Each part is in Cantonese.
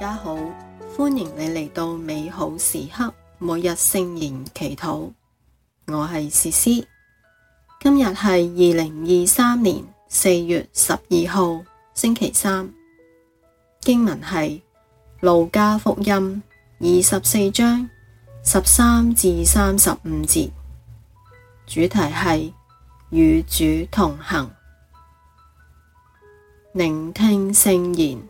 大家好，歡迎你嚟到美好時刻每日聖言祈禱，我係詩詩，今日係二零二三年四月十二號星期三，經文係路加福音二十四章十三至三十五節，主題係與主同行，聆聽聖言。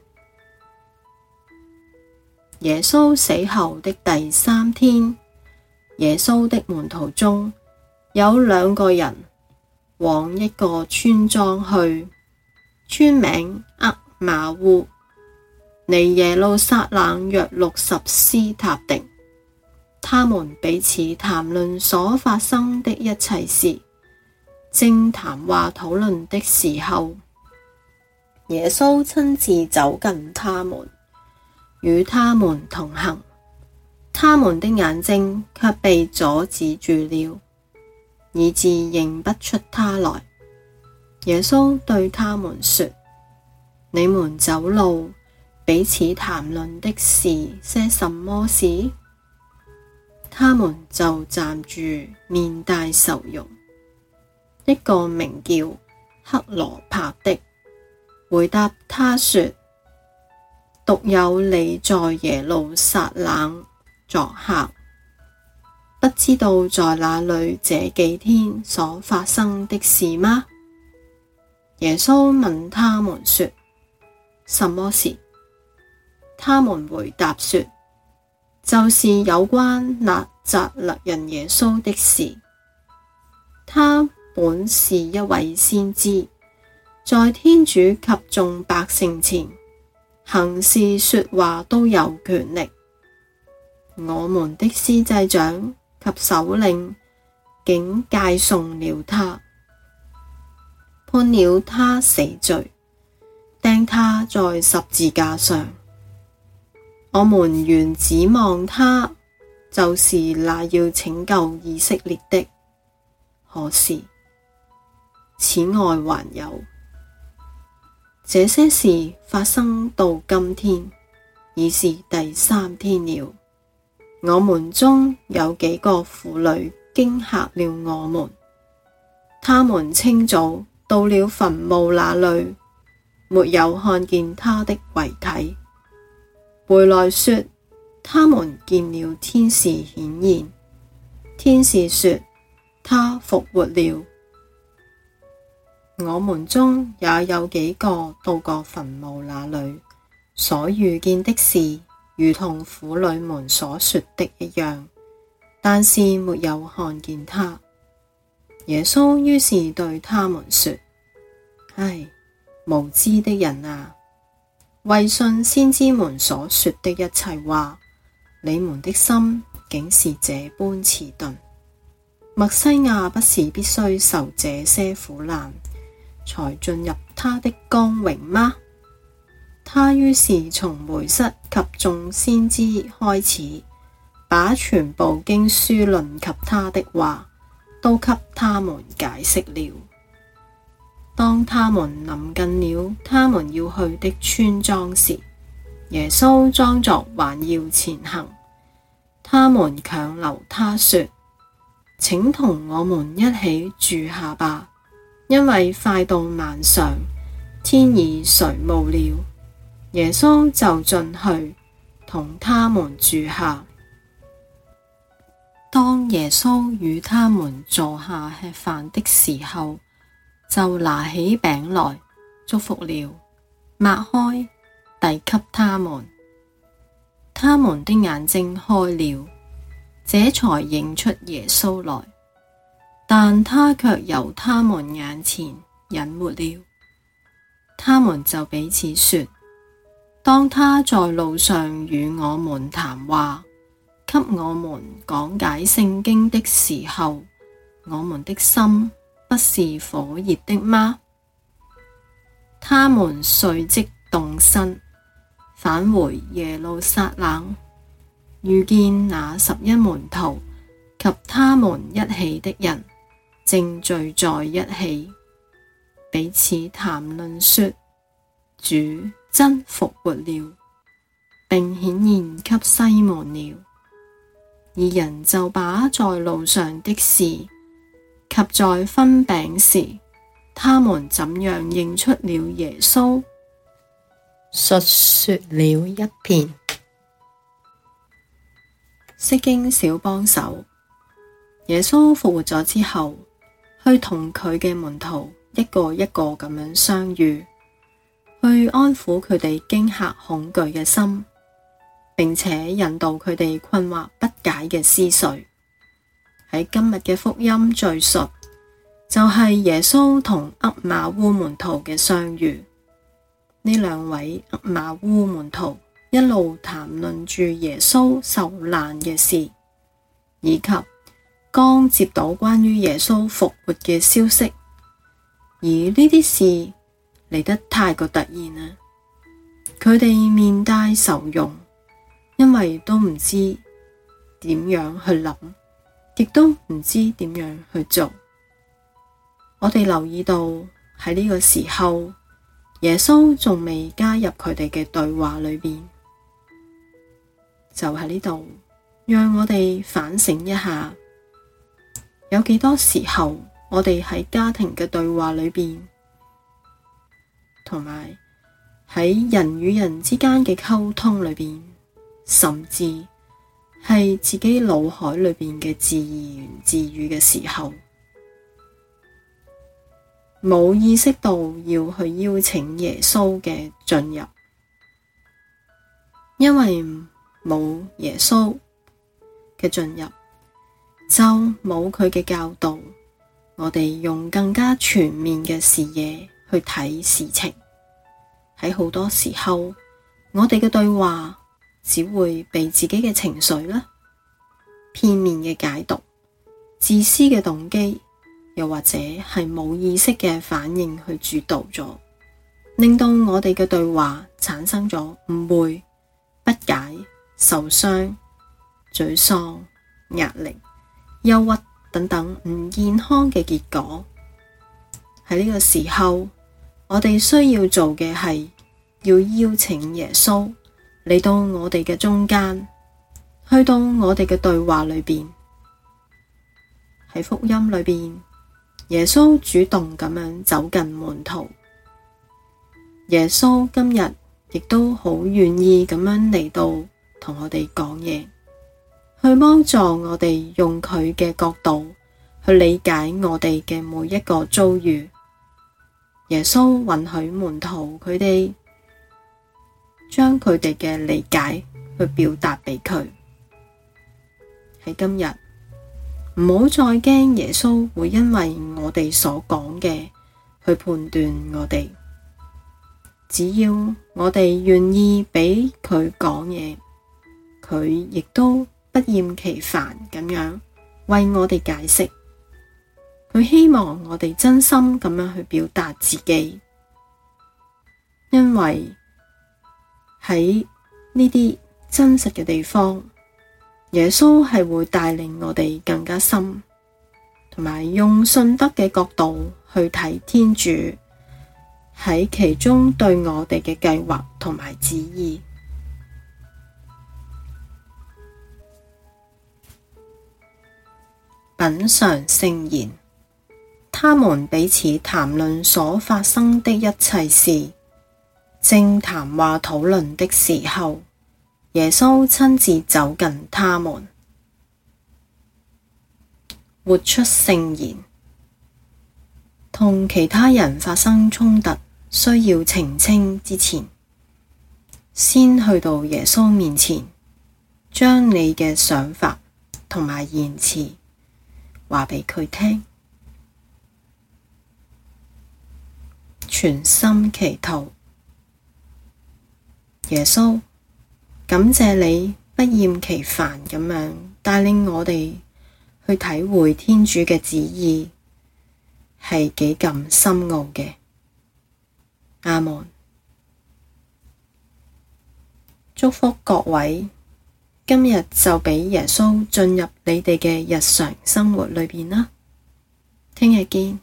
耶穌死後的第三天，耶穌的門徒中，有兩個人往一個村莊去，村名厄瑪烏，離耶路撒冷約六十斯塔狄。他們彼此談論所發生的一切事。正談話討論的時候，耶穌親自走近他們。與他們同行，他們的眼睛卻被阻止住了，以致認不出他來。耶穌對他們說：你們走路，彼此談論的是些什麼事？他們就站住，面帶愁容。一個名叫克羅帕的，回答他說。獨有你，在耶路撒冷作客，不知道在哪裏這幾天所發生的事嗎？耶穌問他們說：什麼事？他們回答說：就是有關納匝肋人耶穌的事。他本是一位先知，在天主及眾百姓前。行事說話都有權力，我們的司祭長及首領竟解送了他，判了他死罪，釘他在十字架上。我們原指望他就是那要拯救以色列的，可是，此外還有。這些事發生到今天，已是第三天了。我們中有幾個婦女驚嚇了我們。他們清早到了墳墓那裏，沒有看見她的遺體，回來說，他們見了天使顯現。天使說，她復活了。我們中也有幾個到過墳墓那裏，所遇見的事如同婦女們所說的一樣，但是沒有看見他。耶穌於是對他們說：唉，無知的人啊，為信先知們所說的一切話，你們的心竟是這般遲鈍！默西亞不是必須受這些苦難，才進入他的光榮嗎？他於是從梅瑟及眾先知開始，把全部經書論及他的話，都給他們解釋了。當他們臨近了他們要去的村莊時，耶穌裝作還要前行，他們強留他說，請同我們一起住下吧。因為快到晚上，天已垂暮了，耶穌就進去同他們住下。當耶穌與他們坐下吃飯的時候，就拿起餅來，祝福了，擘開，遞給他們，他們的眼睛開了，這才認出耶穌來。但他卻由他們眼前隱沒了。他們就彼此說：當他在路上與我們談話，給我們講解聖經的時候，我們的心不是火熱的嗎？他們遂即動身，返回耶路撒冷，遇見那十一門徒及他們一起的人。正聚在一起，彼此談論說，主真復活了，並顯現給西滿了。二人就把在路上的事及在分餅時，他們怎樣認出了耶穌，述說了一遍。釋經小幫手，耶穌復活咗之後。去同佢嘅門徒一個一個咁樣相遇，去安撫佢哋驚嚇恐懼嘅心，並且引導佢哋困惑不解嘅思緒。喺今日嘅福音敘述，就係耶穌同厄瑪烏門徒嘅相遇。呢兩位厄瑪烏門徒一路談論住耶穌受難嘅事，以及。當接到關於耶穌復活嘅消息，而呢啲事嚟得太過突然啦，佢哋面帶愁容，因為都唔知點樣去諗，亦都唔知點樣去做。我哋留意到喺呢個時候，耶穌仲未加入佢哋嘅對話裏面，就喺呢度讓我哋反省一下。有幾多時候，人人自然自然時候，我哋喺家庭嘅對話裏邊，同埋喺人與人之間嘅溝通裏邊，甚至係自己腦海裏邊嘅自言自語嘅時候，冇意識到要去邀請耶穌嘅進入，因為冇耶穌嘅進入。就冇佢嘅教導，我哋用更加全面嘅視野去睇事情。喺好多時候，我哋嘅對話只會被自己嘅情緒啦，片面嘅解讀、自私嘅動機，又或者係冇意識嘅反應去主導咗，令到我哋嘅對話產生咗誤會、不解、受傷、沮喪、壓力。憂鬱等等唔健康嘅結果。喺呢個時候，我哋需要做嘅係要邀請耶穌嚟到我哋嘅中間，去到我哋嘅對話裏邊。喺福音裏邊，耶穌主動咁樣走近門徒，耶穌今日亦都好願意咁樣嚟到同我哋講嘢。去幫助我哋用佢嘅角度去理解我哋嘅每一個遭遇。耶穌允許門徒佢哋將佢哋嘅理解去表達畀佢。喺今日，唔好再驚耶穌會因為我哋所講嘅去判斷我哋。只要我哋願意畀佢講嘢，佢亦都不厭其煩咁樣為我哋解釋，佢希望我哋真心咁樣去表達自己，因為喺呢啲真實嘅地方，耶穌係會帶領我哋更加深，同埋用信德嘅角度去睇天主喺其中對我哋嘅計劃同埋旨意。品嚐聖言，他們彼此談論所發生的一切事。正談話討論的時候，耶穌親自走近他們，活出聖言。同其他人發生衝突，需要澄清之前，先去到耶穌面前，將你嘅想法同埋言辭。話畀佢聽，全心祈禱，耶穌，感謝你不厭其煩咁樣帶領我哋去體會天主嘅旨意，係幾咁深奧嘅，阿門，祝福各位。今日就俾耶穌進入你哋嘅日常生活裏邊啦，聽日見。